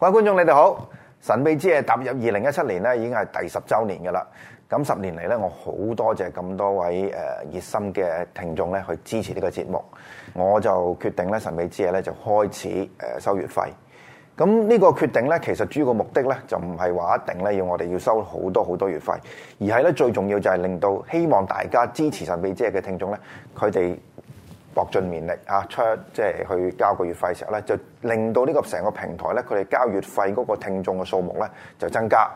各位觀眾，你哋好！神秘之夜踏入二零一七年咧，已經係第十周年噶啦。咁十年嚟咧，我好多謝咁多位誒熱心嘅聽眾咧，去支持呢個節目。我就決定咧神秘之夜咧就開始誒收月費。咁、這、呢個決定咧，其實主要個目的咧就唔係話一定咧要我哋要收好多好多月費，而係咧最重要就係令到希望大家支持神秘之夜嘅聽眾咧，佢哋。搏盡綿力啊，出即係去交個月費時候咧，就令到呢個成個平台咧，佢哋交月費嗰個聽眾嘅數目咧就增加。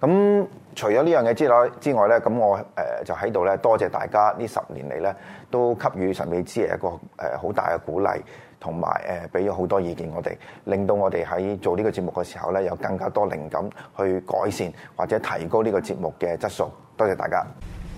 咁除咗呢樣嘢之內之外咧，咁我誒就喺度咧，多謝大家呢十年嚟咧都給予神秘之夜一個誒好大嘅鼓勵，同埋誒俾咗好多意見我哋，令到我哋喺做呢個節目嘅時候咧，有更加多靈感去改善或者提高呢個節目嘅質素。多謝大家。.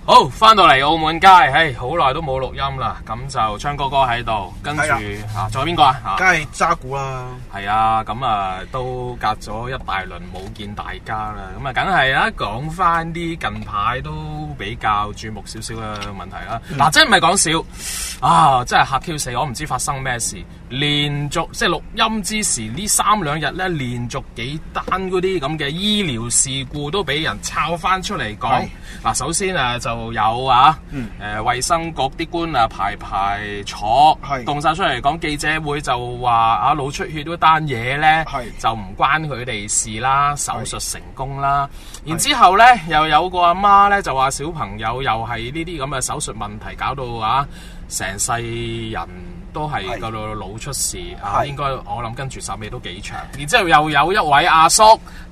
好，翻到嚟澳門街，唉，好耐都冇錄音啦，咁就鏘哥哥喺度，跟住仲有邊個啊？梗係渣古啦。係啊，咁啊，啊，啊，啊都隔咗一大輪冇見大家啦，咁啊梗係啦，講翻啲近排都比較注目少少嘅問題啦、啊。嗱、嗯，真係唔係講笑。啊！真係嚇 Q 死我，唔知發生咩事。連續即係錄音之時呢三兩日咧，連續幾單嗰啲咁嘅醫療事故都俾人抄翻出嚟講。嗱是，首先啊，就有啊，誒、嗯呃，衛生局啲官啊排排坐，是動晒出嚟講記者會就話啊，腦出血嗰單嘢咧就唔關佢哋事啦，手術成功啦。是然之後咧，又有個阿媽咧就話小朋友又係呢啲咁嘅手術問題搞到啊。成世人都係個老出事啊，是的 應該我諗跟住手尾都幾長。然之後又有一位阿叔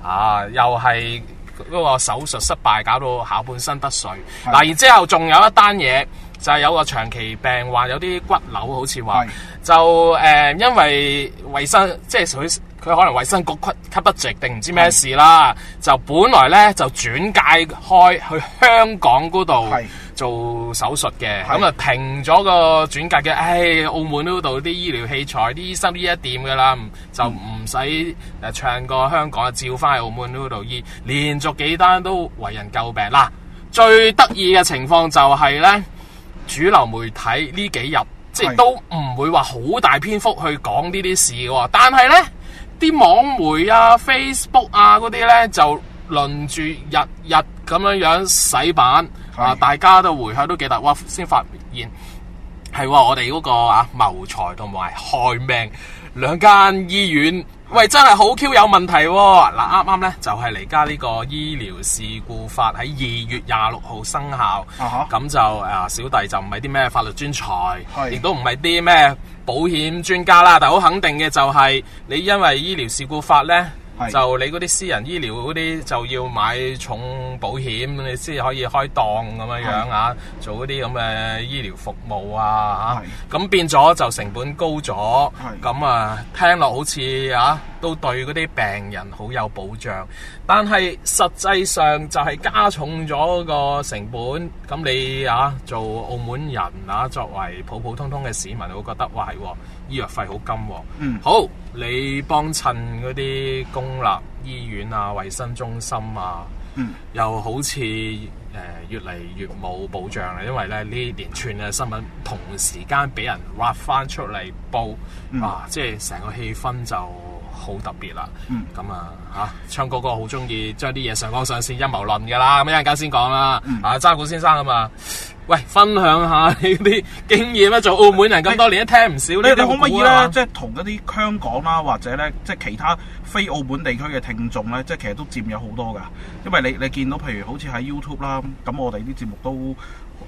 啊，又係嗰個手術失敗，搞到下半身得水。嗱，是的 然之後仲有一單嘢，就係、是、有個長期病患，有啲骨瘤，好似話就誒、呃，因為衞生即係佢佢可能衞生局吸吸不著定唔知咩事啦。是的 就本來呢就轉介開去香港嗰度。做手術嘅，咁啊是停咗個轉介嘅，唉、哎，澳門嗰度啲醫療器材、啲醫生呢一掂噶啦，就唔使誒，唱過香港啊，照翻澳門嗰度醫，連續幾單都為人詬病。嗱，最得意嘅情況就係呢，主流媒體呢幾日即係都唔會話好大篇幅去講呢啲事嘅，但係呢啲網媒啊、Facebook 啊嗰啲呢，就輪住日日咁樣樣洗版。啊！大家都回響都幾大，哇！先發現係、啊、我哋嗰、那個啊謀財同埋害命兩間醫院，喂，真係好 Q 有問題、啊。嗱啱啱呢，就係、是、嚟家呢個醫療事故法喺二月廿六號生效，咁、uh huh. 就誒、啊、小弟就唔係啲咩法律專才，亦、uh huh. 都唔係啲咩保險專家啦。但係好肯定嘅就係你因為醫療事故法呢。就你嗰啲私人醫療嗰啲就要買重保險，你先可以開檔咁樣樣是的 啊，做嗰啲咁嘅醫療服務啊，咁是的、啊、變咗就成本高咗，咁是的 啊聽落好似啊都對嗰啲病人好有保障，但係實際上就係加重咗個成本，咁你啊做澳門人啊作為普普通通嘅市民會覺得話醫藥費好金、哦，嗯，好你幫襯嗰啲公立醫院啊、衞生中心啊，嗯，又好似誒、呃、越嚟越冇保障啦，因為咧呢連串嘅新聞同時間俾人挖翻出嚟報，啊，即係成個氣氛就好特別啦，咁啊嚇，鏘哥哥好中意將啲嘢上綱上線陰謀論㗎啦，咁一陣間先講啦，嗯、啊，渣古先生啊嘛。喂，分享下你啲經驗啦，做澳門人咁多年，你聽唔少。你可你可唔可以咧，即係同一啲香港啦、啊，或者咧，即係其他非澳門地區嘅聽眾咧，即係其實都佔有好多噶。因為你你見到譬如好似喺 YouTube 啦、啊，咁我哋啲節目都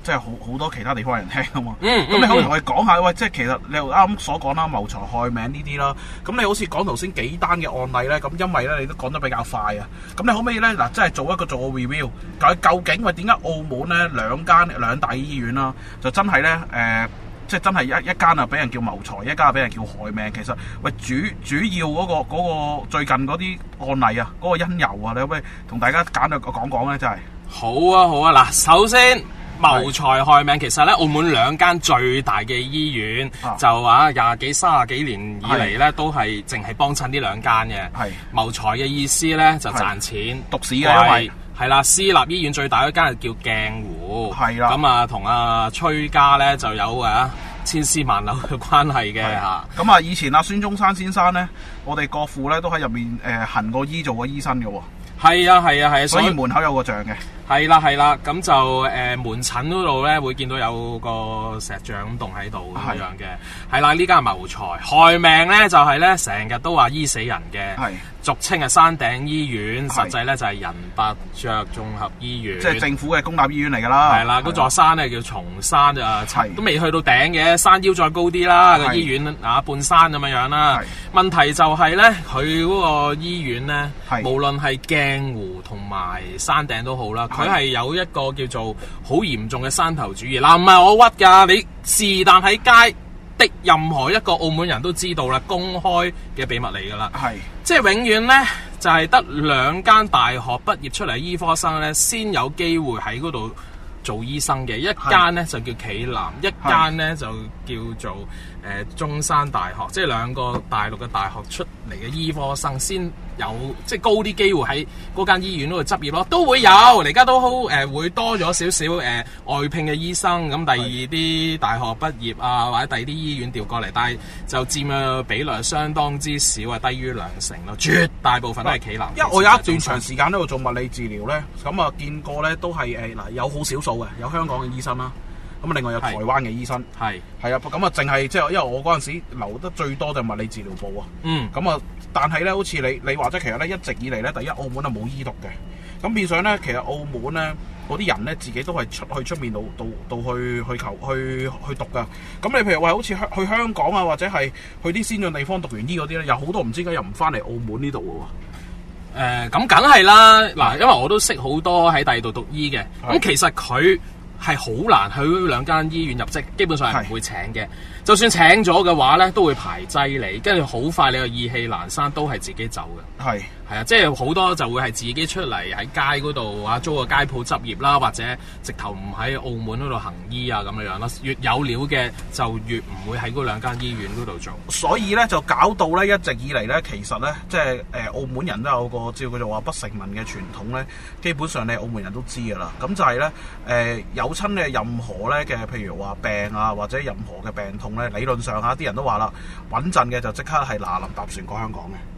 即係好好多其他地方人聽噶嘛。咁、嗯、你可，可以同佢講下，喂，即係其實你又啱所講啦，謀財害命呢啲啦。咁你好似講頭先幾單嘅案例咧，咁因為咧你都講得比較快啊。咁你可唔可以咧，嗱，即係做一個做個 review，究竟喂點解澳門咧兩間兩？大醫院啦、啊，就真係咧，誒、呃，即、就、係、是、真係一一間啊，俾人叫謀財，一間啊，俾人叫害命。其實喂，主主要嗰、那個、那個最近嗰啲案例啊，嗰、那個因由啊，你可唔可以同大家簡略講講咧？就係好啊，好啊，嗱，首先謀財害命，其實咧，澳門兩間最大嘅醫院的就話廿幾、卅幾年以嚟咧，的都係淨係幫襯呢兩間嘅。係謀財嘅意思咧，就賺錢，獨市嘅，因為係啦，私立醫院最大一間係叫鏡湖。係啦，咁啊同阿崔家咧就有啊千絲萬縷嘅關係嘅吓。咁啊以前阿孫中山先生咧，我哋國父咧都喺入面誒、呃、行過醫做過醫生嘅喎。係啊係啊係，所以門口有個像嘅。係啦係啦，咁就誒、呃、門診嗰度咧會見到有個石像洞喺度咁樣嘅。係啦，呢間係謀財害命咧，就係咧成日都話醫死人嘅。的俗稱係山頂醫院，實際咧就係仁伯爵綜合醫院，即係政府嘅公立醫院嚟㗎啦。係啦，嗰座山咧叫松山啊，都未去到頂嘅，山腰再高啲啦，個醫院啊半山咁樣樣啦。問題就係咧，佢嗰個醫院咧，無論係鏡湖同埋山頂都好啦，佢係有一個叫做好嚴重嘅山頭主義。嗱，唔係我屈㗎，你是但喺街。任何一個澳門人都知道啦，公開嘅秘密嚟㗎啦，係是即係永遠呢就係得兩間大學畢業出嚟醫科生呢，先有機會喺嗰度做醫生嘅，一間呢是就叫暨南，一間呢是就叫做。誒中山大學，即係兩個大陸嘅大學出嚟嘅醫科生，先有即係高啲機會喺嗰間醫院度執業咯，都會有而家都好誒、呃，會多咗少少誒、呃、外聘嘅醫生咁，第二啲大學畢業啊，或者第二啲醫院調過嚟，但係就佔嘅比例相當之少啊，低於兩成咯，絕大部分都係企臨。因為我有一段長時間喺度做物理治療咧，咁啊、嗯、見過咧都係誒嗱有好少數嘅有香港嘅醫生啦。咁另外有台灣嘅醫生，係係啊，咁啊，淨係即係，因為我嗰陣時留得最多就係物理治療部啊。嗯。咁啊，但係咧，好似你你話即係其實咧，一直以嚟咧，第一澳門係冇醫讀嘅，咁變相咧，其實澳門咧嗰啲人咧自己都係出去出面度度度去去求去去讀噶。咁你譬如話好似香去，去香港啊，或者係去啲先進地、呃嗯、地方讀完醫嗰啲咧，有好多唔知點解又唔翻嚟澳門呢度喎。咁梗係啦，嗱，因為我都識好多喺第二度讀醫嘅，咁其實佢。係好難去兩間醫院入職，基本上係唔會請嘅。是就算請咗嘅話呢，都會排擠你，跟住好快你又意興闌珊，都係自己走嘅。係。誒，即係好多就會係自己出嚟喺街嗰度啊，租個街鋪執業啦，或者直頭唔喺澳門嗰度行醫啊，咁樣樣啦。越有料嘅就越唔會喺嗰兩間醫院嗰度做。所以咧就搞到咧一直以嚟咧，其實咧即係誒澳門人都有個叫做話「不成文」嘅傳統咧。基本上你澳門人都知噶啦。咁就係咧誒有親嘅任何咧嘅，譬如話病啊，或者任何嘅病痛咧，理論上啊，啲人都話啦，穩陣嘅就即刻係嗱臨搭船過香港嘅。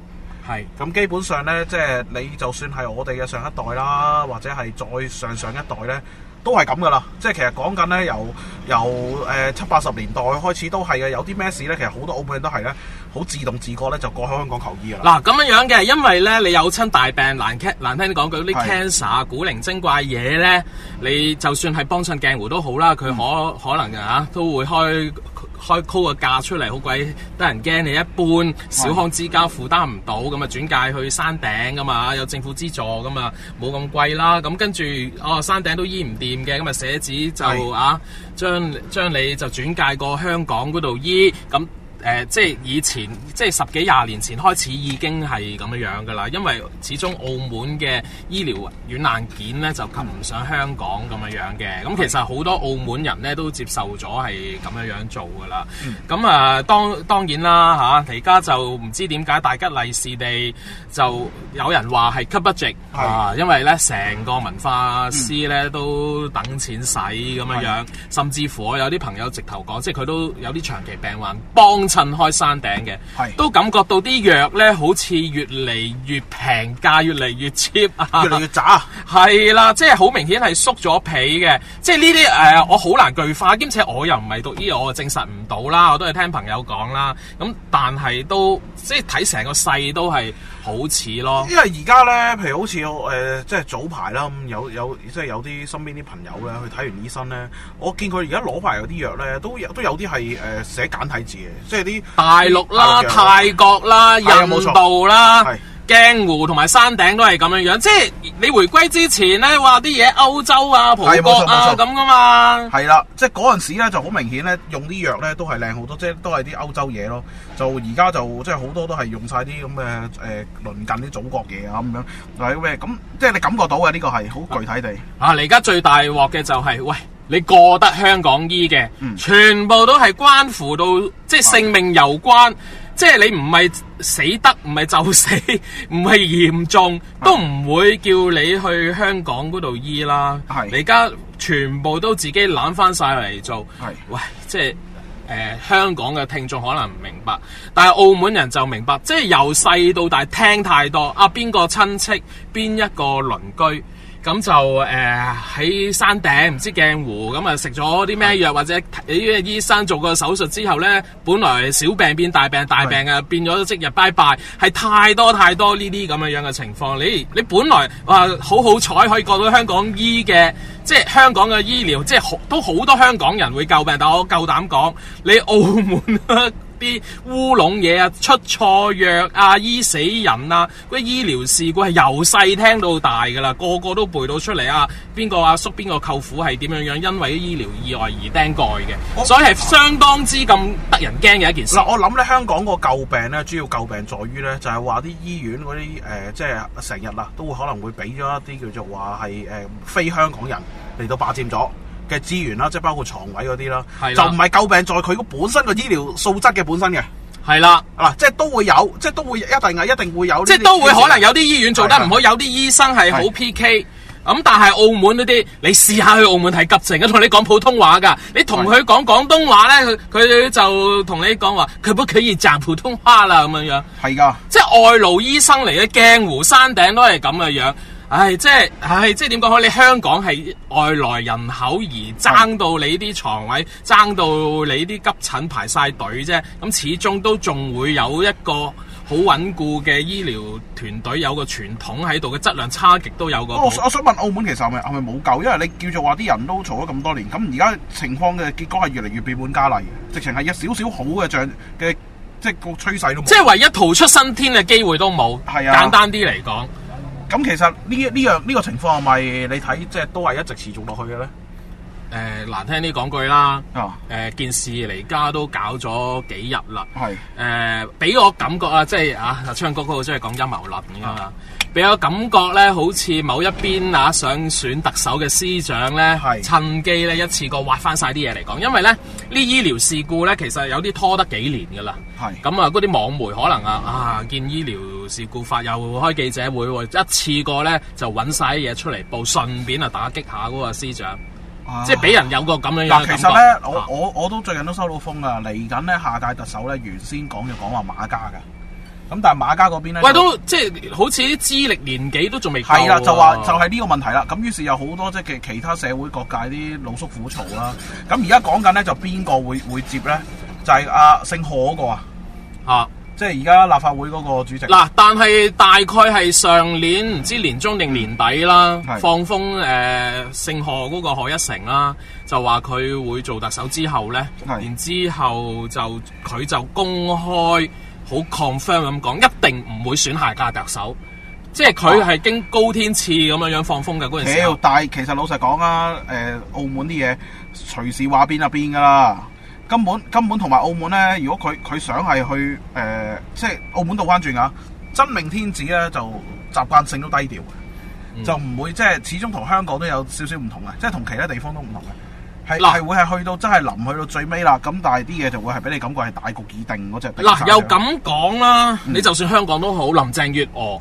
係，咁是基本上咧，即係你就算係我哋嘅上一代啦，或者係再上上一代咧。都係咁噶啦，即係其實講緊咧，由由誒七八十年代開始都係嘅，有啲咩事咧，其實好多澳門人都係咧，好自動自覺咧就過去香港求醫啊！嗱，咁樣樣嘅，因為咧你有親大病難 can 難聽講句啲 cancer 古靈精怪嘢咧，你就算係幫襯鏡湖都好啦，佢、嗯、可可能啊都會開開高個價出嚟，好鬼得人驚。啊、你一般小康之家負擔唔到，咁啊轉介去山頂噶嘛，有政府資助噶嘛，冇咁貴啦。咁跟住哦、啊，山頂都醫唔掂。嘅咁是啊，寫紙就啊，將將你就轉介過香港嗰度醫咁。誒、呃，即係以前，即係十幾廿年前開始已經係咁樣樣嘅啦。因為始終澳門嘅醫療軟硬件，咧就及唔上香港咁樣樣嘅。咁、嗯嗯、其實好多澳門人咧都接受咗係咁樣樣做嘅啦。咁、嗯嗯嗯、啊，當當然啦吓，而、啊、家就唔知點解大吉利是地，就有人話係吸不值啊。因為咧，成個文化師咧、嗯、都等錢使咁樣樣，甚至乎我有啲朋友直頭講，即係佢都有啲長期病患幫。撐開山頂嘅，是都感覺到啲藥呢，好似越嚟越平價，價，越嚟越 cheap，越嚟越渣。係啦， 即係好明顯係縮咗皮嘅。即係呢啲誒，我好難具化，兼且我又唔係讀醫，我就證實唔到啦，我都係聽朋友講啦。咁但係都即係睇成個勢都係。好似咯，因為而家咧，譬如好似我、呃、即係早排啦，咁有有，即係有啲身邊啲朋友咧，去睇完醫生咧，我見佢而家攞牌嗰啲藥咧，都有都有啲係誒寫簡體字嘅，即係啲大陸啦、泰國啦、泰國啦泰國印度啦。鏡湖同埋山頂都係咁樣樣，即係你回歸之前咧，話啲嘢歐洲啊、葡國啊咁噶嘛，係啦，即係嗰陣時咧就好明顯咧，用啲藥咧都係靚好多，即係都係啲歐洲嘢咯。就而家就即係好多都係用晒啲咁嘅誒鄰近啲祖國嘢啊咁樣，或者咁，即係你感覺到嘅呢、這個係好具體地啊。你而家最大鑊嘅就係、是、喂，你過得香港醫嘅，嗯、全部都係關乎到即係性命攸關。的即係你唔係死得，唔係就死，唔係嚴重，都唔會叫你去香港嗰度醫啦。係，你而家全部都自己攬翻晒嚟做。係是，喂，即係誒、呃、香港嘅聽眾可能唔明白，但係澳門人就明白。即係由細到大聽太多，啊邊個親戚，邊一個鄰居。咁就誒喺，呃、山頂唔知鏡湖，咁啊食咗啲咩藥是的 或者啲醫生做個手術之後呢，本來小病變大病，大病啊是的 變咗即日拜拜。e 係太多太多呢啲咁樣樣嘅情況。你你本來話、呃、好好彩可以過到香港醫嘅，即係香港嘅醫療，即係好都好多香港人會救病，但我夠膽講你澳門。 啲烏龍嘢啊，出錯藥啊，醫死人啊，嗰啲醫療事故係由細聽到大噶啦，個個都背到出嚟啊，邊個阿叔、叔，邊個舅父係點樣樣，因為醫療意外而釘蓋嘅，我所以係相當之咁得人驚嘅一件事。嗱，我諗咧香港個詬病咧，主要詬病在於咧，就係話啲醫院嗰啲誒，即係成日啊，都會可能會俾咗一啲叫做話係誒非香港人嚟到霸佔咗。嘅資源啦，即係包括床位嗰啲啦，的就唔係詬病在佢個本身個醫療素質嘅本身嘅，係啦的，嗱，即係都會有，即係都會一定係一定會有，即係都會可能有啲醫院做得唔好，的有啲醫生係好 PK，咁的但係澳門嗰啲，你試下去澳門睇急症，同你講普通話噶，你同佢講廣東話咧，佢佢的就同你講話，佢屋企嫌雜普通話啦咁樣樣，係噶的，即係外勞醫生嚟嘅鏡湖山頂都係咁嘅樣。唉、哎，即係，唉、哎，即係點講好？你香港係外來人口而爭到你啲床位，爭、嗯、到你啲急診排晒隊啫。咁始終都仲會有一個好穩固嘅醫療團隊，有個傳統喺度嘅質量差極都有個有我。我想問澳門，其實係咪係咪冇救？因為你叫做話啲人都嘈咗咁多年，咁而家情況嘅結果係越嚟越變本加厲，直情係有少少好嘅象嘅，即係個趨勢都冇，即係唯一逃出生天嘅機會都冇。係是啊，簡單啲嚟講。咁其實呢，呢樣呢個情況係咪你睇，即係都係一直持續落去嘅咧？誒，難聽啲講句啦，誒、啊呃、件事嚟家都搞咗幾日啦，係是，誒俾、呃、我感覺啊，即係啊，阿鏘哥，哥好中意講陰謀論噶嘛，俾是我感覺咧，好似某一邊啊，想選特首嘅司長咧，呢是趁機咧一次過挖翻晒啲嘢嚟講，因為咧呢醫療事故咧，其實有啲拖得幾年噶啦，係是，咁啊，嗰啲網媒可能啊啊，見醫療事故發又，又開記者會，一次過咧就搵晒啲嘢出嚟報，順便啊打擊下嗰個司長。即係俾人有個咁樣樣。嗱、啊，其實咧，我我我都最近都收到風啊，嚟緊咧下屆特首咧原先講就講話馬家噶，咁但係馬家嗰邊咧，喂都即係好似啲資歷年紀都仲未係啦，就話就係呢個問題啦。咁於是有好多即係其、其他社會各界啲老叔苦嘈啦。咁而家講緊咧就邊個會會接咧？就係阿姓何嗰個啊。啊即係而家立法會嗰個主席。嗱、啊，但係大概係上年唔知年中定年底啦，嗯、放風誒姓賀嗰個賀一誠啦，就話佢會做特首之後咧，是然後之後就佢就公開好 confirm 咁講，一定唔會選下屆特首。即係佢係經高天賜咁樣樣放風嘅嗰陣時。但係其實老實講啊，誒、呃，澳門啲嘢隨時話變就變噶啦。根本根本同埋澳門咧，如果佢佢想係去誒，即係澳門倒翻轉啊！真命天子咧就習慣性都低調，就唔會即係始終同香港都有少少唔同嘅，即係同其他地方都唔同嘅，係係會係去到真係臨去到最尾啦。咁但係啲嘢就會係俾你感覺係大局已定嗰隻。嗱，又咁講啦，你就算香港都好，林鄭月娥，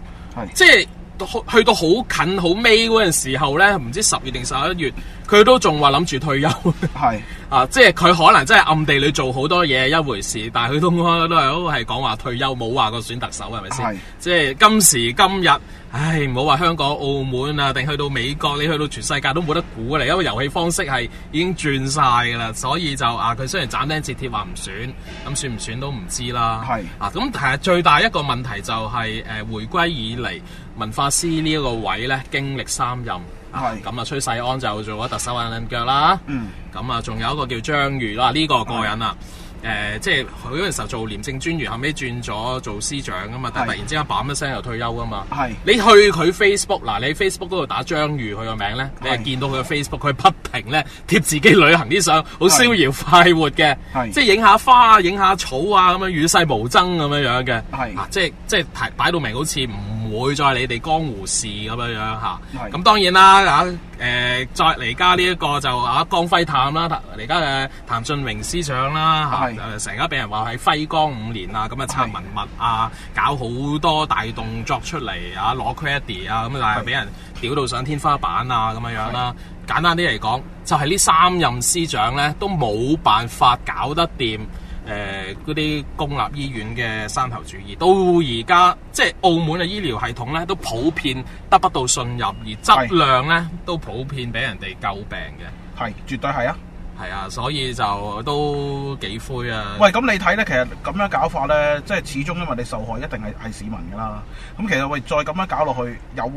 即係去去到好近好尾嗰陣時候咧，唔知十月定十一月。佢都仲話諗住退休，係是啊，即係佢可能真係暗地裏做好多嘢一回事，但係佢都都係都係講話退休，冇話過選特首係咪先？是即係今時今日，唉，唔好話香港、澳門啊，定去到美國，你去到全世界都冇得估嚟，因為遊戲方式係已經轉晒噶啦，所以就啊，佢雖然斬釘截鐵話唔選，咁選唔選都唔知啦。係是啊，咁係最大一個問題就係、是、誒、呃，回歸以嚟文化司呢一個位咧，經歷三任。係咁啊！崔世安就做咗特首硬硬腳啦。嗯。咁啊、嗯，仲有一個叫張裕啦，呢、啊這個個人啊。誒是、呃，即係佢嗰陣時候做廉政專員，後尾轉咗做司長啊嘛，但係突然之間，砰一聲又退休啊嘛。係是。你去佢 Facebook 嗱，你 Facebook 嗰度打「張裕」佢個名咧，你係見到佢嘅 Facebook，佢不停咧貼自己旅行啲相，好逍遙快活嘅。即係影下花、影下草啊，咁樣與世無爭咁樣樣嘅。係是、啊。即係即係擺擺到明，好似唔。會再你哋江湖事咁樣樣吓，咁是當然啦，呃、啦啦是啊，誒，再嚟加呢一個就啊，江輝探啦，嚟加誒譚俊榮司長啦吓，誒成日俾人話係輝光五年啊，咁啊拆文物啊，搞好多大動作出嚟啊，攞 credit 啊，咁但係俾人屌到上天花板啊，咁樣樣啦。是簡單啲嚟講，就係、是、呢三任司長咧，都冇辦法搞得掂。誒，嗰啲、呃、公立醫院嘅山頭主義，到而家即係澳門嘅醫療系統咧，都普遍得不到信任，而質量咧是都普遍俾人哋詬病嘅，係絕對係啊，係啊，所以就都幾灰啊。喂，咁你睇咧，其實咁樣搞法咧，即係始終因為你受害一定係係市民噶啦。咁其實喂，再咁樣搞落去，有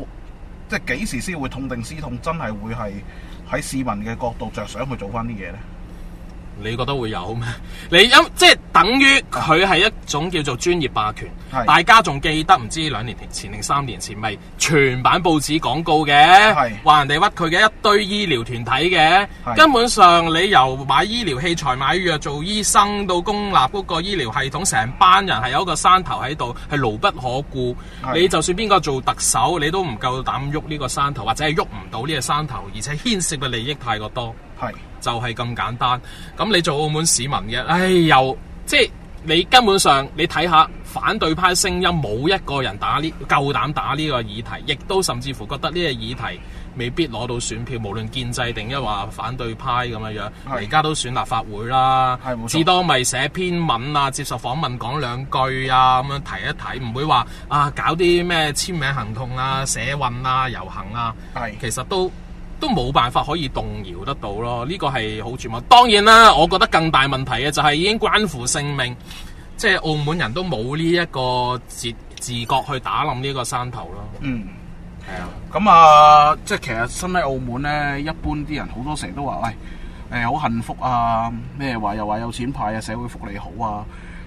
即係幾時先會痛定思痛？真係會係喺市民嘅角度着想去做翻啲嘢咧？你覺得會有咩？你因即係等於佢係一種叫做專業霸權，是大家仲記得唔知兩年前定三年前，咪全版報紙廣告嘅，話是人哋屈佢嘅一堆醫療團體嘅，是根本上你由買醫療器材、買藥、做醫生到公立嗰個醫療系統，成班人係有一個山頭喺度，係牢不可顧。是你就算邊個做特首，你都唔夠膽喐呢個山頭，或者係喐唔到呢個山頭，而且牽涉嘅利益太過多。就係咁簡單，咁你做澳門市民嘅，唉、哎，又即係你根本上你睇下反對派聲音，冇一個人打呢，夠膽打呢個議題，亦都甚至乎覺得呢個議題未必攞到選票，無論建制定係話反對派咁樣樣，而家是都選立法會啦，至多咪寫篇文啊，接受訪問講兩句啊，咁樣提一提，唔會話啊搞啲咩簽名行動啊、社運啊、遊行啊，是其實都。都冇辦法可以動搖得到咯，呢、這個係好處嘛。當然啦，我覺得更大問題嘅就係已經關乎性命，即係澳門人都冇呢一個自自覺去打冧呢個山頭咯。嗯，係啊。咁、嗯、啊，即係其實身喺澳門咧，一般啲人好多成日都話喂，誒、哎、好、呃、幸福啊，咩話又話有錢派啊，社會福利好啊。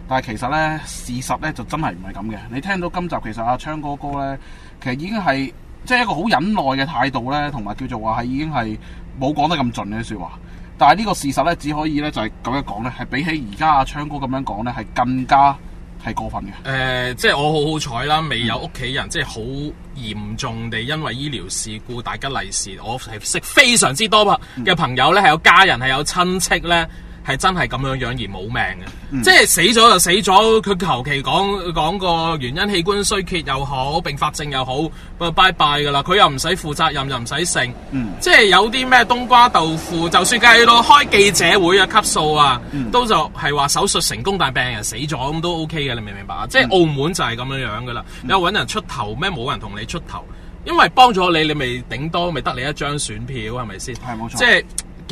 但係其實咧，事實咧就真係唔係咁嘅。你聽到今集其實阿、啊、鏘哥哥咧，其實已經係。即係一個好忍耐嘅態度咧，同埋叫做話係已經係冇講得咁盡嗰啲説話，但係呢個事實咧，只可以咧就係、是、咁樣講咧，係比起而家阿鏘哥咁樣講咧，係更加係過分嘅。誒、呃，即係我好好彩啦，未有屋企人、嗯、即係好嚴重地因為醫療事故大吉利事。我係識非常之多嘅朋友咧，係有家人係、嗯、有親戚咧。係真係咁樣樣而冇命嘅，嗯、即係死咗就死咗。佢求其講講個原因，器官衰竭又好，併發症又好，拜拜噶啦。佢又唔使負責任，又唔使剩。嗯、即係有啲咩冬瓜豆腐，就算計咯。開記者會嘅級數啊，嗯、都就係話手術成功但係病人死咗咁都 OK 嘅，你明唔明白啊？即係澳門就係咁樣樣噶啦。有搵、嗯、人出頭咩？冇人同你出頭，因為幫咗你，你咪頂多咪得你一張選票係咪先？係冇錯，即係。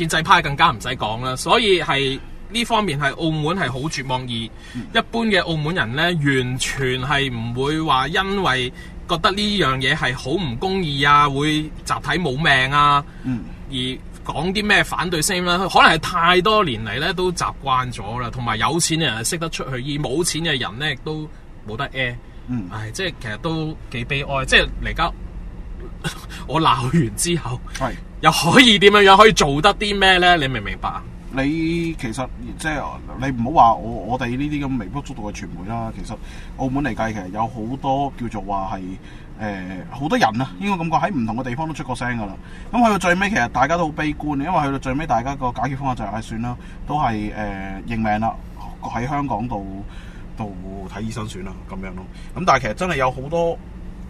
建制派更加唔使講啦，所以係呢方面係澳門係好絕望。而、嗯、一般嘅澳門人呢，完全係唔會話因為覺得呢樣嘢係好唔公義啊，會集體冇命啊，嗯、而講啲咩反對聲音啦。可能係太多年嚟呢都習慣咗啦，同埋有，有錢嘅人係識得出去而冇錢嘅人呢都冇得挨。嗯、唉，即係其實都幾悲哀。即係嚟家我鬧完之後。嗯又可以點樣樣可以做得啲咩咧？你明唔明白啊？你其實即係你唔好話我我哋呢啲咁微不足道嘅傳媒啦。其實澳門嚟計，其實有好多叫做話係誒好多人啊，應該感覺喺唔同嘅地方都出過聲噶啦。咁去到最尾，其實大家都好悲觀，因為去到最尾，大家個解決方法就係唉算啦，都係誒、呃、認命啦，喺香港度度睇醫生算啦，咁樣咯。咁但係其實真係有好多。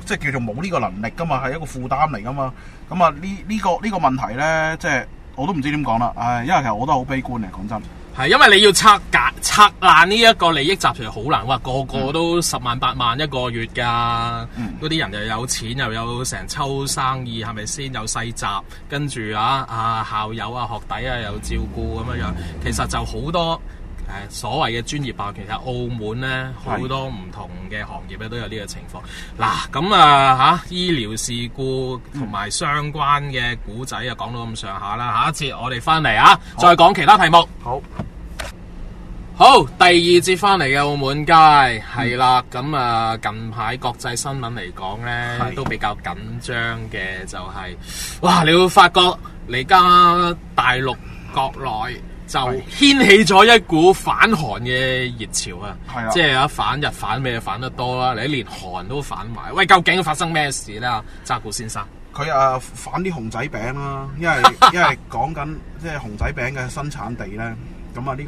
即係叫做冇呢個能力㗎嘛，係一個負擔嚟㗎嘛。咁、嗯、啊，呢、這、呢個呢、這個問題咧，即係我都唔知點講啦。唉，因為其實我都係好悲觀嚟講真。係因為你要拆隔拆爛呢一個利益集團，好難哇！個個都十萬八萬一個月㗎，嗰啲、嗯、人又有錢又有成抽生意，係咪先有？有細集跟住啊啊校友啊學弟啊有照顧咁樣樣，其實就好多。誒所謂嘅專業霸權，其實澳門呢，好多唔同嘅行業咧都有呢個情況。嗱是，咁啊嚇、啊、醫療事故同埋相關嘅故仔啊，講到咁上下啦。下一節我哋翻嚟啊，好再講其他題目。好，好，第二節翻嚟嘅澳門街係、嗯、啦。咁啊，近排國際新聞嚟講呢，是都比較緊張嘅、就是，就係哇！你會發覺而家大陸國內，就掀起咗一股反韓嘅熱潮啊！的即係啊，反日反美反得多啦，你連韓都反埋。喂，究竟發生咩事咧？渣古先生，佢啊反啲熊仔餅啦、啊，因為 因為講緊即係熊仔餅嘅生產地咧，咁啊、這個、呢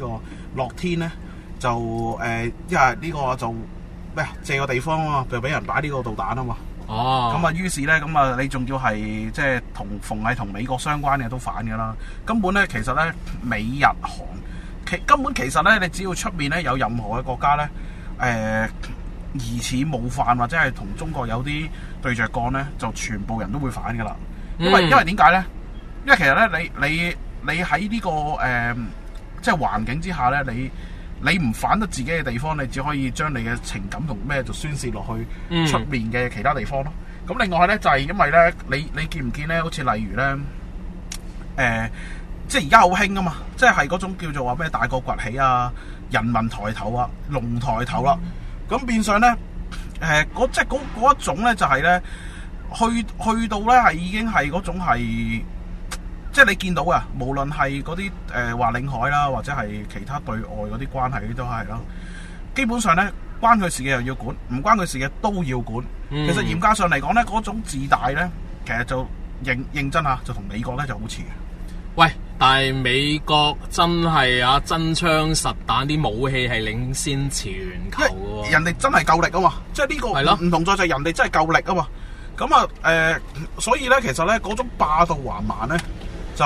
個樂天咧就誒，因為呢個就咩、哎、借個地方喎，就俾人擺呢個導彈啊嘛。哦，咁啊，於是咧，咁啊，你仲要係即係同逢係同美國相關嘅都反嘅啦。根本咧，其實咧，美日韓其根本其實咧，你只要出面咧有任何嘅國家咧，誒、呃、疑似冒犯或者係同中國有啲對着幹咧，就全部人都會反嘅啦、mm.。因為因為點解咧？因為其實咧，你你你喺呢、這個誒、呃、即係環境之下咧，你。你唔反得自己嘅地方，你只可以將你嘅情感同咩就宣泄落去出面嘅其他地方咯。咁、嗯、另外咧就係、是、因為咧，你你見唔見咧？好似例如咧，誒、呃，即係而家好興啊嘛，即係嗰種叫做話咩大國崛起啊、人民抬頭啊、龍抬頭啦、啊。咁、嗯、變相咧，誒、呃，即係嗰一種咧，就係咧，去去到咧係已經係嗰種係。即係你見到啊，無論係嗰啲誒話領海啦，或者係其他對外嗰啲關係，都係咯。基本上咧，關佢事嘅又要管，唔關佢事嘅都要管。嗯、其實嚴格上嚟講咧，嗰種自大咧，其實就認認真嚇就同美國咧就好似嘅。喂，但係美國真係啊，真槍實彈啲武器係領先全球、啊、人哋真係夠力啊嘛！即係呢個係咯，唔的同在就係人哋真係夠力啊嘛。咁啊誒，所以咧，其實咧嗰種霸道橫蠻咧。就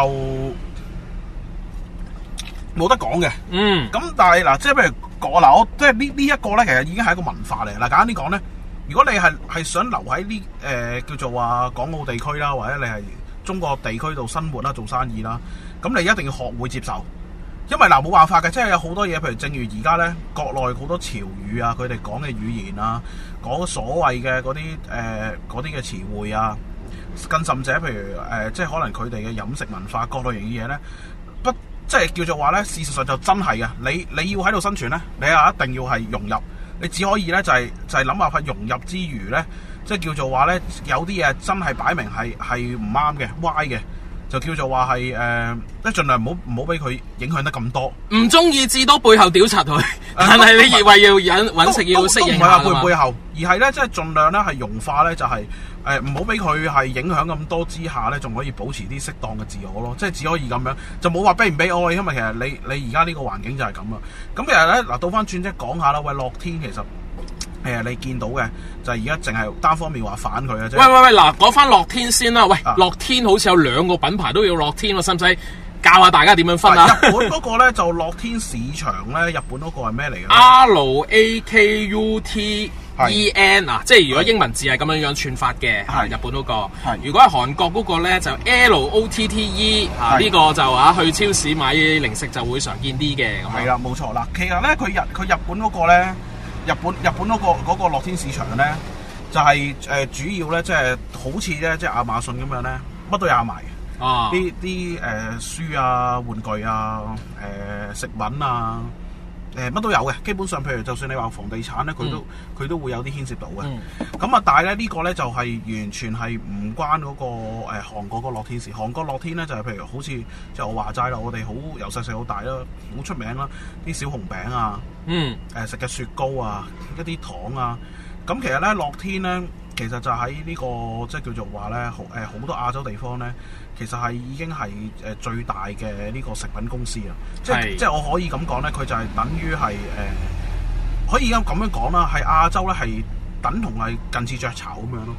冇得講嘅，嗯，咁但係嗱，即係譬如我嗱，我即係呢呢一個咧，其實已經係一個文化嚟。嗱，簡單啲講咧，如果你係係想留喺呢誒叫做話港澳地區啦，或者你係中國地區度生活啦、做生意啦，咁你一定要學會接受，因為嗱冇辦法嘅，即係有好多嘢，譬如正如而家咧，國內好多潮語啊，佢哋講嘅語言啊，講所謂嘅嗰啲誒嗰啲嘅詞彙啊。更甚者，譬如誒、呃，即係可能佢哋嘅飲食文化各類型嘅嘢咧，不即係叫做話咧，事實上就真係啊。你你要喺度生存咧，你又一定要係融入，你只可以咧就係、係、就係諗辦法融入之餘咧，即係叫做話咧，有啲嘢真係擺明係係唔啱嘅歪嘅。就叫做話係誒，即係盡量唔好唔好俾佢影響得咁多。唔中意至多背後調查佢，係咪、呃、你以為要揾食都要適應下嘛，唔係話背背後，而係咧即係盡量咧係融化咧，就係誒唔好俾佢係影響咁多之下咧，仲可以保持啲適當嘅自我咯。即係只可以咁樣，就冇話俾唔俾愛，因為其實你你而家呢個環境就係咁啊。咁其實咧嗱，倒翻轉即係講下啦。喂，樂天其實。誒，你見到嘅就係而家淨係單方面話反佢嘅啫。喂喂喂，嗱，講翻樂天先啦。喂，樂天好似有兩個品牌都要樂天啊，使唔使教下大家點樣分啊？日本嗰個咧就樂天市場咧，日本嗰個係咩嚟嘅？R A K U T E N 啊，即係如果英文字係咁樣樣串發嘅，係日本嗰個。如果係韓國嗰個咧就 L O T T E 啊，呢個就啊去超市買零食就會常見啲嘅。係啦，冇錯啦。其實咧，佢日佢日本嗰個咧。日本日本嗰個嗰個樂天市場咧，就係誒主要咧，即係好似咧，即係亞馬遜咁樣咧，乜都有賣嘅。啊，啲啲誒書啊，玩具啊，誒食品啊。誒乜、呃、都有嘅，基本上譬如就算你話房地產咧，佢、嗯、都佢都會有啲牽涉到嘅。咁啊、嗯，但係咧呢、這個咧就係、是、完全係唔關嗰個誒韓、呃、國個樂天事。韓國樂天咧就係、是、譬如好似即係我話齋啦，我哋好由細細好大啦，好出名啦，啲小紅餅啊，誒、嗯呃、食嘅雪糕啊，一啲糖啊。咁、嗯嗯、其實咧樂天咧，其實就喺呢、這個即係叫做話咧，誒好多亞洲地方咧。其實係已經係誒、呃、最大嘅呢個食品公司啊！即係是即係我可以咁講咧，佢就係等於係誒、呃、可以咁咁樣講啦，係亞洲咧係等同係近似雀巢咁樣咯。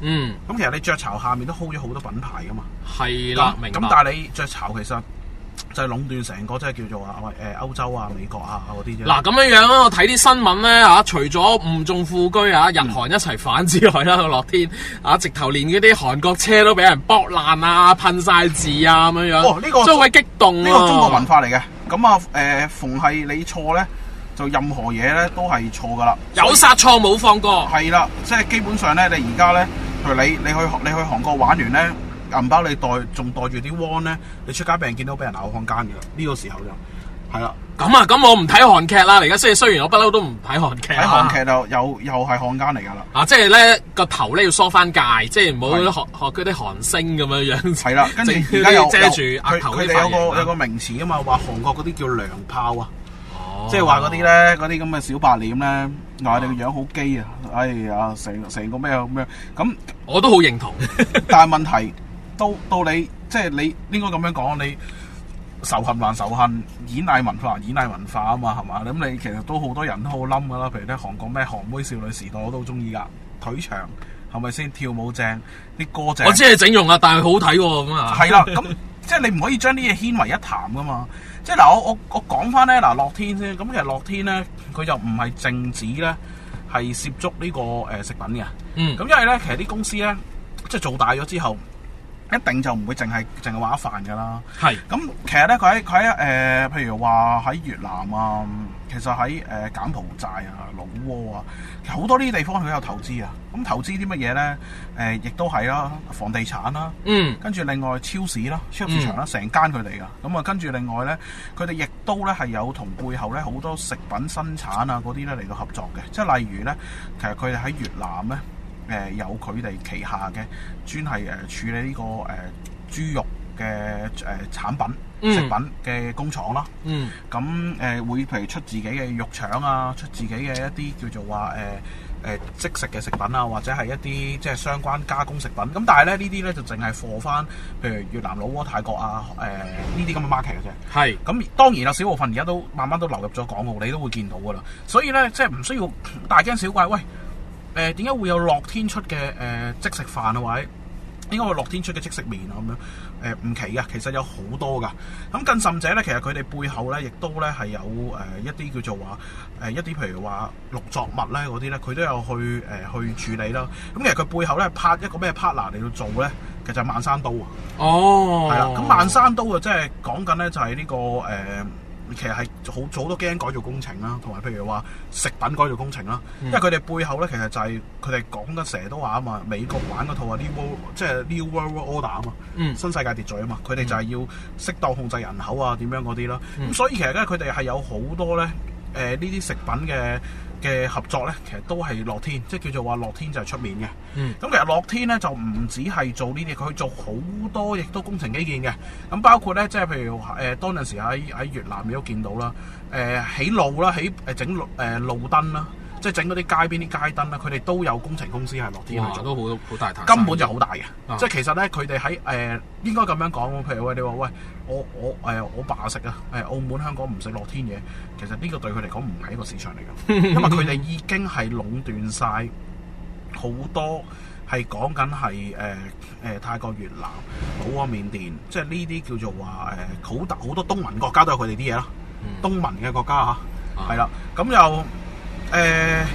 嗯，咁、嗯、其實你雀巢下面都 hold 咗好多品牌噶嘛。係啦了，那明。咁但係你雀巢其實。就係壟斷成個，即係叫做啊喂誒歐洲啊美國啊嗰啲啫。嗱咁樣樣啊，我睇啲新聞咧嚇，除咗誤中富居啊，日韓一齊反之外啦，落天啊，直頭連嗰啲韓國車都俾人駁爛啊，噴晒字啊咁樣樣。哇！呢個真係激動呢個中國文化嚟嘅。咁啊誒，逢係你錯咧，就任何嘢咧都係錯噶啦。有殺錯冇放過。係啦，即係基本上咧，你而家咧，譬如你你去你去韓國玩完咧。銀包你袋，仲袋住啲鑊咧，你出街俾人見到，俾人鬧我漢奸嘅啦！呢個時候就係啦。咁啊，咁我唔睇韓劇啦。而家雖雖然我不嬲都唔睇韓劇。睇韓劇就又又係漢奸嚟噶啦。啊，即係咧個頭咧要梳翻界，即係唔好學學啲韓星咁樣樣。係啦，跟住而家又遮住頭。佢哋有個有個名詞啊嘛，話韓國嗰啲叫娘炮啊。哦。即係話嗰啲咧，嗰啲咁嘅小白臉咧，嗱你個樣好基啊！哎呀，成成個咩咁樣？咁我都好認同，但係問題。到到你即係你應該咁樣講，你仇恨還仇恨，演藝文化演藝文化啊嘛，係嘛？咁你其實都好多人都好冧噶啦，譬如咧韓國咩韓妹少女時代我都好中意噶，腿長，係咪先，跳舞正，啲歌正？我知係整容啊，但係好睇喎咁啊！係啦，咁 即係你唔可以將啲嘢牽為一談噶嘛。即係嗱，我我我講翻咧嗱，樂天先，咁其實樂天咧佢就唔係淨止咧係涉足呢個誒食品嘅。嗯，咁因為咧其實啲公司咧即係做大咗之後。一定就唔會淨係淨係話飯噶啦，係咁是其實咧佢喺佢喺誒，譬如話喺越南啊，其實喺誒、呃、柬埔寨啊、老撾啊，好多呢啲地方佢有投資啊。咁投資啲乜嘢咧？誒、呃，亦都係啊，房地產啦、啊，嗯，跟住另外超市啦、啊、超市場啦，成間佢哋噶。咁啊，嗯、跟住另外咧，佢哋亦都咧係有同背後咧好多食品生產啊嗰啲咧嚟到合作嘅。即係例如咧，其實佢哋喺越南咧。誒、呃，有佢哋旗下嘅專係誒處理呢、這個誒豬、呃、肉嘅誒、呃、產品、食品嘅工廠啦。嗯，咁誒、呃、會譬如出自己嘅肉腸啊，出自己嘅一啲叫做話誒誒即食嘅食品啊，或者係一啲即係相關加工食品。咁但係咧呢啲咧就淨係貨翻，譬如越南老撾、泰國啊，誒呢啲咁嘅 market 嘅啫。係咁，是當然啦，小部分而家都慢慢都流入咗港澳，你都會見到噶啦。所以咧，即係唔需要大驚小怪，喂。誒點解會有樂天出嘅誒、呃、即食飯啊喂？點解會樂天出嘅即食麵啊咁樣？誒、呃、唔奇噶，其實有好多噶。咁更甚者咧，其實佢哋背後咧，亦都咧係有誒一啲叫做話誒、呃、一啲譬如話綠作物咧嗰啲咧，佢都有去誒、呃、去處理啦。咁其實佢背後咧拍一個咩 partner 嚟到做咧，其實係孟山都啊。哦、oh.，係啦。咁孟山都啊，即係講緊咧就係呢個誒。呃其實係好早都驚改造工程啦，同埋譬如話食品改造工程啦，嗯、因為佢哋背後咧其實就係佢哋講得成日都話啊嘛，美國玩嗰套啊 New World，即係 New World Order 啊嘛，嗯、新世界秩序啊嘛，佢哋就係要適當控制人口啊點樣嗰啲啦，咁、嗯嗯、所以其實咧佢哋係有好多咧誒呢啲、呃、食品嘅。嘅合作咧，其實都係樂天，即係叫做話樂天就係出面嘅。咁、嗯、其實樂天咧就唔止係做呢啲，佢做好多亦都工程基建嘅。咁包括咧，即係譬如誒、呃，當陣時喺喺越南你都見到啦，誒起路啦，起誒整誒路燈啦。即係整嗰啲街邊啲街燈啦，佢哋都有工程公司係落天嘅，都好好大台，根本就好大嘅。啊、即係其實咧，佢哋喺誒，應該咁樣講。譬如喂，你話喂，我我誒、呃，我爸食啊，誒，澳門香港唔食落天嘢。其實呢個對佢嚟講唔係一個市場嚟嘅，因為佢哋已經係壟斷晒好多，係講緊係誒誒泰國、越南、好啊緬甸，即係呢啲叫做話誒好多好多東盟國家都有佢哋啲嘢啦，東盟嘅國家吓係啦，咁、啊、又。啊誒、呃，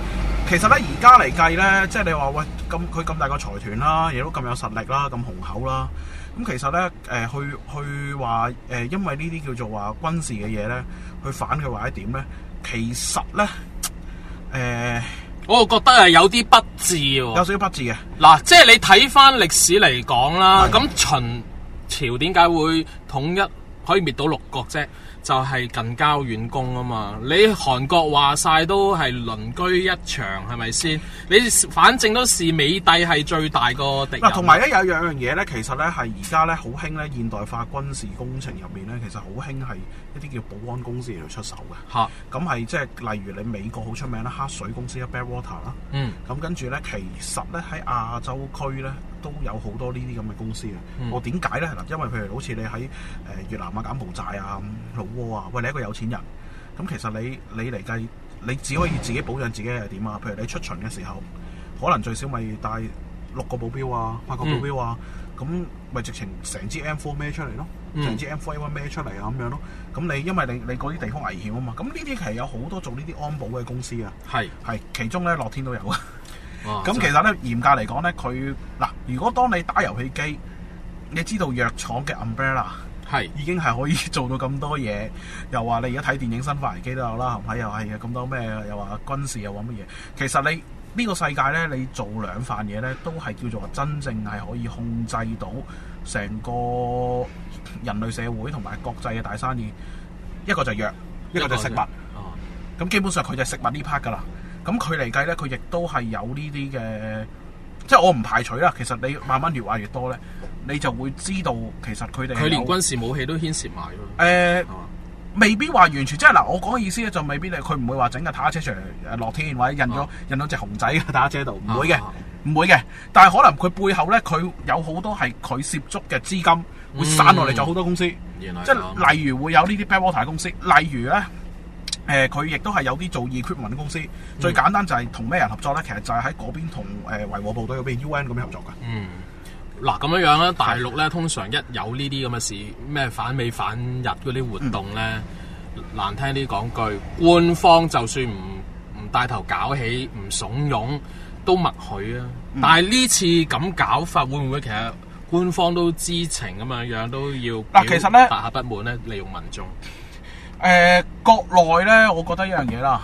其實咧，而家嚟計咧，即係你話喂咁，佢咁大個財團啦，亦都咁有實力啦，咁雄厚啦，咁、嗯、其實咧，誒、呃、去去話誒、呃，因為呢啲叫做話軍事嘅嘢咧，去反佢或者點咧，其實咧，誒、呃，我就覺得係有啲不智、啊，有少少不智嘅。嗱、啊，即係你睇翻歷史嚟講啦，咁的秦朝點解會統一，可以滅到六國啫？就係近交遠攻啊嘛！你韓國話晒都係鄰居一場係咪先？你反正都視美帝係最大個敵人。同埋咧有樣樣嘢咧，其實咧係而家咧好興咧現代化軍事工程入面咧，其實好興係一啲叫保安公司嚟出手嘅。嚇哈！咁係即係例如你美國好出名啦，黑水公司一 Black Water 啦。嗯。咁跟住咧，其實咧喺亞洲區咧。都有好多呢啲咁嘅公司嘅，我點解咧？嗱，因為譬如好似你喺誒越南啊、柬埔寨啊、老撾啊，喂你一個有錢人，咁其實你你嚟計，你只可以自己保養自己係點啊？嗯、譬如你出巡嘅時候，可能最少咪帶六個保鏢啊、八個保鏢啊，咁咪、嗯、直情成支 M4 孭出嚟咯，成支 M4A1 孭出嚟啊咁樣咯。咁、嗯、你因為你你嗰啲地方危險啊嘛，咁呢啲其實有好多做呢啲安保嘅公司啊，係係是其中咧，樂天都有啊。 咁、哦、其實咧、就是、嚴格嚟講咧，佢嗱，如果當你打遊戲機，你知道藥廠嘅 umbrella 係是已經係可以做到咁多嘢，又話你而家睇電影新發危機都有啦，係咪？又係嘅咁多咩？又話軍事，又話乜嘢？其實你呢、這個世界咧，你做兩份嘢咧，都係叫做真正係可以控制到成個人類社會同埋國際嘅大生意。一個就藥，一個就食物。哦。咁基本上佢就係食物呢 part 噶啦。咁佢嚟計咧，佢亦都係有呢啲嘅，即係我唔排除啦。其實你慢慢越話越多咧，你就會知道其實佢哋佢連軍事武器都牽涉埋嘅。呃、吧未必話完全，即係嗱，我講嘅意思咧就未必誒，佢唔會話整架坦克車落天或者印咗、啊、印到隻熊仔嘅坦克車度，唔會嘅，唔、啊、會嘅。但係可能佢背後咧，佢有好多係佢涉足嘅資金會散落嚟，咗好、嗯嗯、多公司，即係例如會有呢啲 Blackwater 公司，例如咧。誒佢亦都係有啲做 equipment 公司。嗯、最簡單就係同咩人合作咧？其實就係喺嗰邊同誒、呃、維和部隊嗰邊 UN 咁樣合作噶。嗯，嗱咁樣樣咧，大陸咧通常一有呢啲咁嘅事，咩反美反日嗰啲活動咧，嗯、難聽啲講句，官方就算唔唔帶頭搞起，唔慫恿都默許啊。嗯、但係呢次咁搞法會唔會其實官方都知情咁樣樣都要嗱？其實咧，發下不滿咧，利用民眾，誒、呃，國內咧，我覺得一樣嘢啦。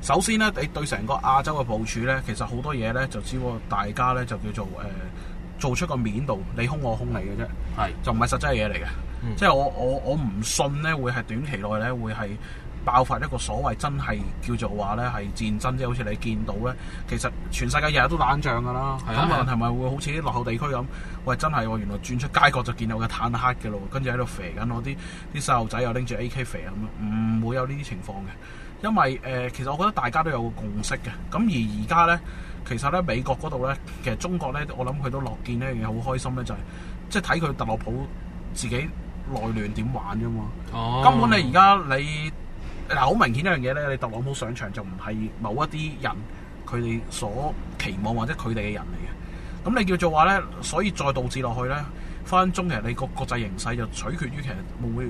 首先咧，你對成個亞洲嘅部署咧，其實好多嘢咧就只不過大家咧就叫做誒、呃，做出個面度，你空我空你嘅啫，係是就唔係實質嘅嘢嚟嘅。嗯、即係我我我唔信咧，會係短期內咧會係爆發一個所謂真係叫做話咧係戰爭，即係好似你見到咧，其實全世界日日都打緊仗噶啦。咁問係咪會好似啲落後地區咁？喂，真係喎，原來轉出街角就見到嘅坦克嘅咯，跟住喺度肥緊我啲啲細路仔又拎住 AK 啡咁，唔會有呢啲情況嘅。因為誒、呃，其實我覺得大家都有個共識嘅。咁而而家咧，其實咧美國嗰度咧，其實中國咧，我諗佢都樂見呢樣嘢，好開心咧、就係，就係即係睇佢特朗普自己內亂點玩啫嘛。哦、根本你而家你。你嗱，好明顯一樣嘢咧，你特朗普上場就唔係某一啲人，佢哋所期望或者佢哋嘅人嚟嘅。咁你叫做話咧，所以再導致落去咧，翻中其實你個國際形勢就取決於其實會唔會誒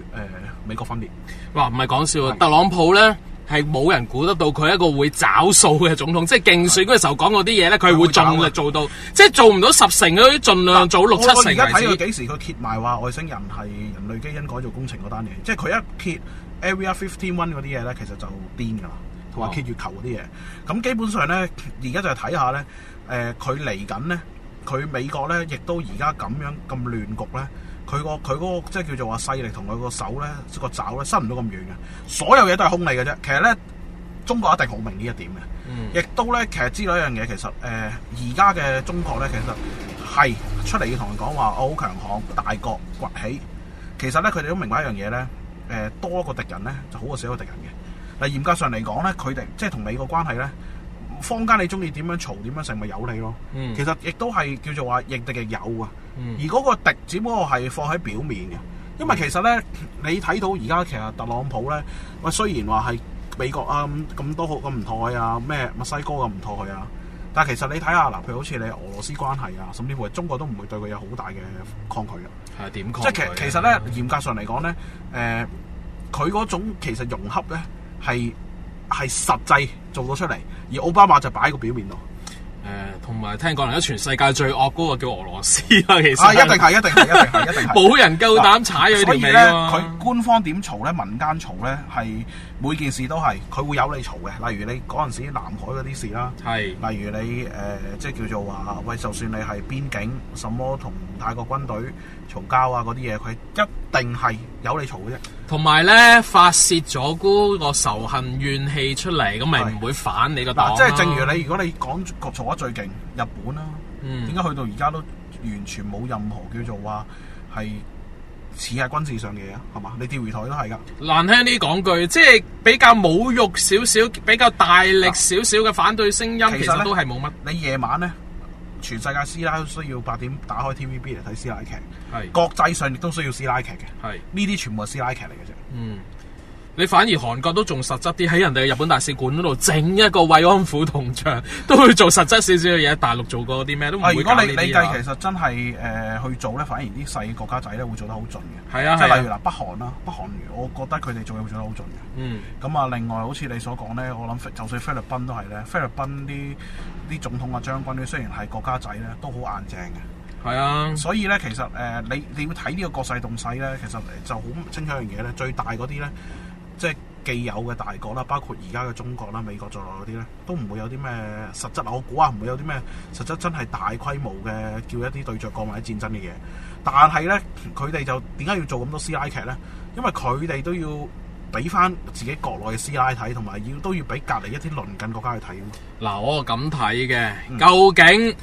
美國分裂。哇，唔係講笑是特朗普咧係冇人估得到，佢一個會找數嘅總統，即係競選嗰時候講嗰啲嘢咧，佢係是會盡力做到，即係做唔到十成嗰啲，儘量做六七成，而家睇佢幾時佢揭埋話外星人係人類基因改造工程嗰單嘢，即係佢一揭。Area 51嗰啲嘢咧，其實就癲㗎喇，同埋揭月球嗰啲嘢。咁基本上咧，而家就係睇、呃、下咧，誒佢嚟緊咧，佢美國咧，亦都而家咁樣咁亂局咧，佢、嗰個佢嗰個即係叫做話勢力同佢個手咧，個爪咧伸唔到咁遠嘅。所有嘢都係空氣嘅啫。其實咧，中國一定好明呢一點嘅，亦、mm. 都咧其實知道一樣嘢，其實誒而家嘅中國咧，其實係出嚟要同人講話，我好強悍，大國崛起。其實咧，佢哋都明白一樣嘢咧。誒、呃、多一個敵人咧，就好過少一個敵人嘅。嗱，嚴格上嚟講咧，佢哋即係同美國關係咧，坊間你中意點樣嘈點樣成，咪有你咯。嗯、其實亦都係叫做話亦敵亦友啊。嗯、而嗰個敵只不過係放喺表面嘅，因為其實咧、嗯、你睇到而家其實特朗普咧，喂，雖然話係美國啊，咁多好咁唔妥啊，咩墨西哥咁唔妥佢啊。但其實你睇下，嗱譬如好似你俄羅斯關係會啊，甚至乎中國都唔會對佢有好大嘅抗拒啊。係點抗？即係其實其實咧，嚴格上嚟講咧，誒佢嗰種其實融合咧係係實際做到出嚟，而奧巴馬就擺喺個表面度。誒，同埋，嗯，聽講，而家全世界最惡嗰個叫俄羅斯啊，其實係、啊、一定係一定係一定係一定，冇 人夠膽踩佢條尾。啊！佢、啊啊、官方點嘈咧，民間嘈咧，係每件事都係，佢會有你嘈嘅。例如你嗰陣時南海嗰啲事啦，係是，例如你誒、呃，即係叫做話喂，就算你係邊境，什麼同泰國軍隊。嘈交啊，嗰啲嘢佢一定係有你嘈嘅啫。同埋咧，發泄咗嗰個仇恨怨氣出嚟，咁咪唔會反你個黨嗱，即係正如你，如果你講國吵得最勁，日本啦、啊，點解、嗯、去到而家都完全冇任何叫做話係似係軍事上嘅、啊，嘢？係嘛？你釣魚台都係噶。難聽啲講句，即係比較侮辱少少，比較大力少少嘅反對聲音，啊、其實，其實都係冇乜。你夜晚咧？全世界師奶都需要八點打開 TVB 嚟睇師奶劇，係是國際上亦都需要師奶劇嘅，係呢啲全部係師奶劇嚟嘅啫。嗯。你反而韓國都仲實質啲，喺人哋嘅日本大使館嗰度整一個慰安婦銅像，都去做實質少少嘅嘢。大陸做過啲咩都唔會搞呢啲。如果你你計其實真係誒、呃、去做咧，反而啲細國家仔咧會做得好盡嘅。係啊，即係例如嗱、啊，北韓啦，北韓，我覺得佢哋做嘢會做得好盡嘅。嗯。咁啊，另外好似你所講咧，我諗就算菲律賓都係咧，菲律賓啲啲總統啊、將軍咧，雖然係國家仔咧，都好硬正嘅。係啊。所以咧，其實誒、呃，你你要睇呢個國勢動勢咧，其實就好清楚一樣嘢咧，最大嗰啲咧。即係既有嘅大國啦，包括而家嘅中國啦、美國在內嗰啲咧，都唔會有啲咩實質。我估呀，唔會有啲咩實質真係大規模嘅叫一啲對著國外戰爭嘅嘢。但係咧，佢哋就點解要做咁多 C I 劇咧？因為佢哋都要俾返自己國內嘅 C I 睇，同埋要都要俾隔籬一啲鄰近國家去睇嗱、啊，我咁睇嘅。究竟誒？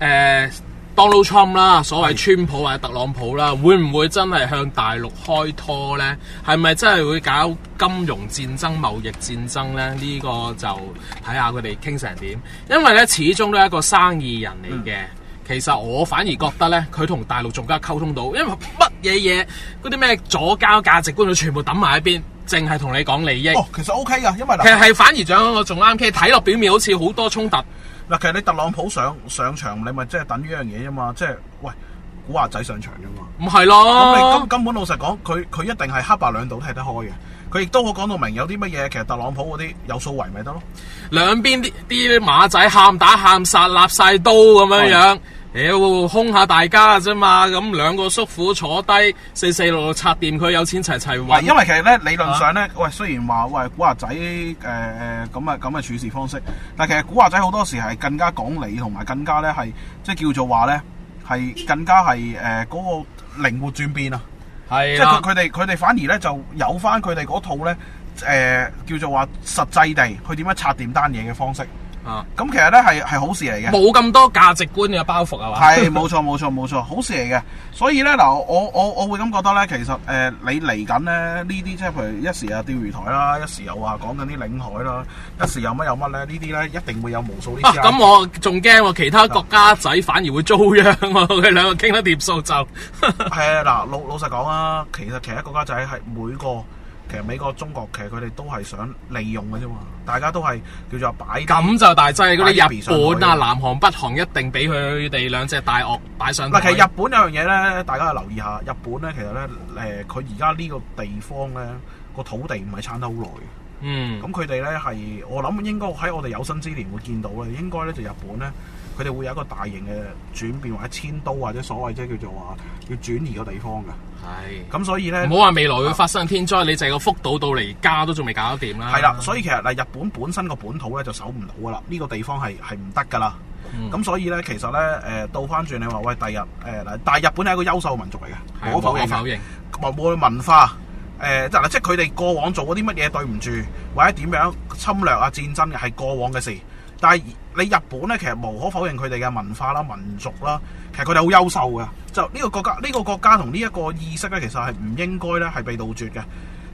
嗯呃 Donald Trump 啦，所謂川普或者特朗普啦，會唔會真係向大陸開拖呢？係咪真係會搞金融戰爭、貿易戰爭呢？呢個就睇下佢哋傾成點。因為呢，始終都係一個生意人嚟嘅。其實我反而覺得呢，佢同大陸仲加溝通到，因為乜嘢嘢嗰啲咩左膠價值觀，佢全部抌埋一邊，淨係同你講利益。哦、其實 O K 噶，因為其實係反而長我仲啱聽，睇落表面好似好多衝突。嗱，其實你特朗普上上場，你咪即係等一樣嘢啫嘛，即係喂，古惑仔上場啫嘛，唔係咯？咁你根根本老實講，佢佢一定係黑白兩道都係得開嘅，佢亦都好講到明有啲乜嘢。其實特朗普嗰啲有數圍咪得咯，兩邊啲啲馬仔喊打哭喊殺立，立晒刀咁樣樣。妖、哎，空下大家啊，啫嘛，咁兩個叔父坐低，四四六六拆掂，佢有錢齊齊搵。因為其實咧，理論上咧，啊、喂，雖然話喂，古惑仔，誒、呃、誒，咁啊，咁啊，處事方式，但其實古惑仔好多時係更加講理，同埋更加咧係，即係叫做話咧，係更加係誒嗰個靈活轉變啊，係，即係佢佢哋佢哋反而咧就有翻佢哋嗰套咧，誒、呃，叫做話實際地去點樣拆掂單嘢嘅方式。咁、嗯、其實咧係係好事嚟嘅，冇咁多價值觀嘅包袱係嘛，係冇錯冇錯冇錯，好事嚟嘅。所以咧嗱，我我我會咁覺得咧，其實誒、呃，你嚟緊咧呢啲即係譬如一時啊釣魚台啦，一時又話講緊啲領海啦，一時又乜又乜咧，呢啲咧一定會有無數呢啲。咁、啊啊、我仲驚我其他國家仔反而會遭殃，佢哋兩個傾得掂數就。係啊！嗱的， 老老實講啊，其實其他國家仔係每個。其實美國、中國，其實佢哋都係想利用嘅啫嘛，大家都係叫做擺咁，就大劑啲，就是，日本地地啊、南韓、北韓一定俾佢哋兩隻大鱷擺上。嗱，其實日本有樣嘢咧，大家要留意下，日本咧其實咧，誒、呃，佢而家呢個地方咧個土地唔係撐得好耐。嗯。咁佢哋咧係，我諗應該喺我哋有生之年會見到咧，應該咧就日本咧。佢哋會有一個大型嘅轉變，或者遷都或者所謂啫，叫做話要轉移個地方嘅。係是。咁所以咧，唔好話未來會發生天災，啊、你就係個福島到嚟家都仲未搞得掂啦。係啦，所以其實嗱，日本本身個本土咧就守唔到噶啦，呢、呢個地方係係唔得噶啦。咁、嗯、所以咧，其實咧誒，倒翻轉你話喂，第日誒、呃，但係日本係一個優秀民族嚟嘅，冇否認。文化誒，嗱、呃，即係佢哋過往做過啲乜嘢對唔住，或者點樣侵略啊、戰爭嘅係過往嘅事。但係你日本咧，其實無可否認佢哋嘅文化啦、民族啦，其實佢哋好優秀嘅。就呢個國家，呢、這個國家同呢一個意識咧，其實係唔應該咧係被杜奪嘅。誒、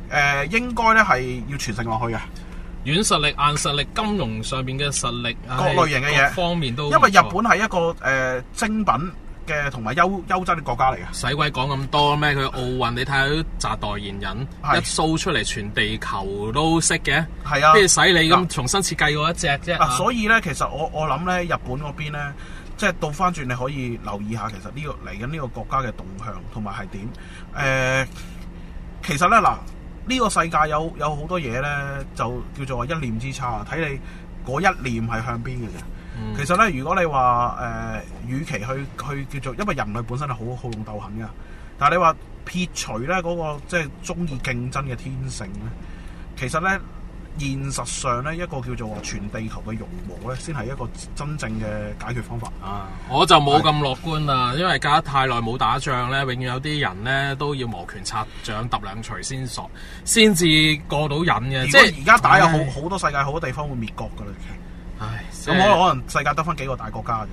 呃，應該咧係要傳承落去嘅。軟實力、硬實力、金融上面嘅實力，各類型嘅嘢，方面都因為日本係一個誒、呃、精品。嘅同埋優優質嘅國家嚟嘅，使鬼講咁多咩？佢奧運你睇下啲集代言人，一 show 出嚟，全地球都識嘅，係啊，邊使你咁重新設計過一隻啫？啊，所以咧，其實我我諗咧，日本嗰邊咧，即係倒翻轉，你可以留意下，其實呢、這個嚟緊呢個國家嘅動向同埋係點？誒、呃，其實咧嗱，呢、這個世界有有好多嘢咧，就叫做話一念之差，睇你嗰一念係向邊嘅啫。嗯、其實咧，如果你話誒，與、呃、其去去叫做，因為人類本身係好好用鬥狠噶，但係你話撇除咧嗰、嗰個即係中意競爭嘅天性咧，其實咧現實上咧一個叫做全地球嘅融合咧，先係一個真正嘅解決方法。啊，我就冇咁樂觀啦，是因為隔得太耐冇打仗咧，永遠有啲人咧都要磨拳擦掌，揼兩錘先索，先至過到癮嘅。即係而家打有好好多世界好多地方會滅國噶啦。咁可能可能世界得翻幾個大國家嘅。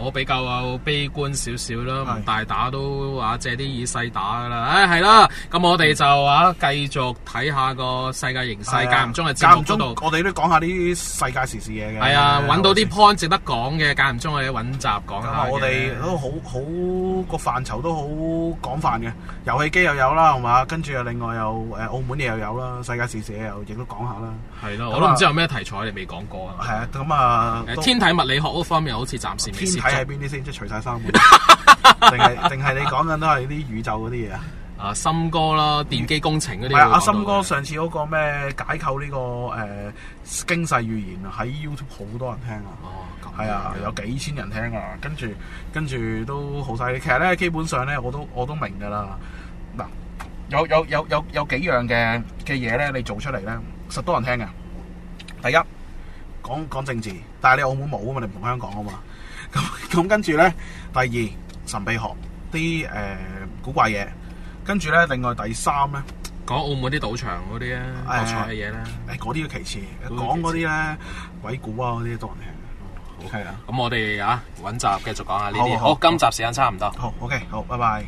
我比較悲觀少少啦，唔大打都話借啲以細打噶啦。唉，係啦，咁我哋就啊繼續睇下個世界形勢，間唔中係節目中度，我哋都講下啲世界時事嘢嘅。係啊，揾到啲 point 值得講嘅，間唔中我哋揾集講下我哋都好好個範疇都好廣泛嘅，遊戲機又有啦，係嘛？跟住又另外又誒澳門嘢又有啦，世界時事嘢又亦都講下啦。係咯，我都唔知有咩題材你未講過啊。係啊，咁啊，天體物理學嗰方面好似暫時未。睇下邊啲先，即係除晒衫。定係定係你講緊都係啲宇宙嗰啲嘢啊？啊，森哥啦，電機工程嗰啲。阿森哥上次嗰個咩解構呢、這個誒經濟預言啊，喺 YouTube 好多人聽啊。哦，係啊，有幾千人聽啊。跟住跟住都好犀利。其實咧，基本上咧，我都我都明㗎啦。嗱，有有有有有，有，有幾樣嘅嘅嘢咧，你做出嚟咧，實多人聽㗎。第一講講政治，但係你澳門冇啊嘛，你唔同香港啊嘛。咁 跟住咧，第二神秘學啲誒、呃、古怪嘢，跟住咧另外第三咧，講澳門啲賭場嗰啲啊博彩嘅嘢啦，誒嗰啲都其次，講嗰啲咧鬼古啊嗰啲都多人聽。OK，係咁我哋啊揾集繼續講下呢啲，好，今集時間差唔多，好，OK，好，拜拜。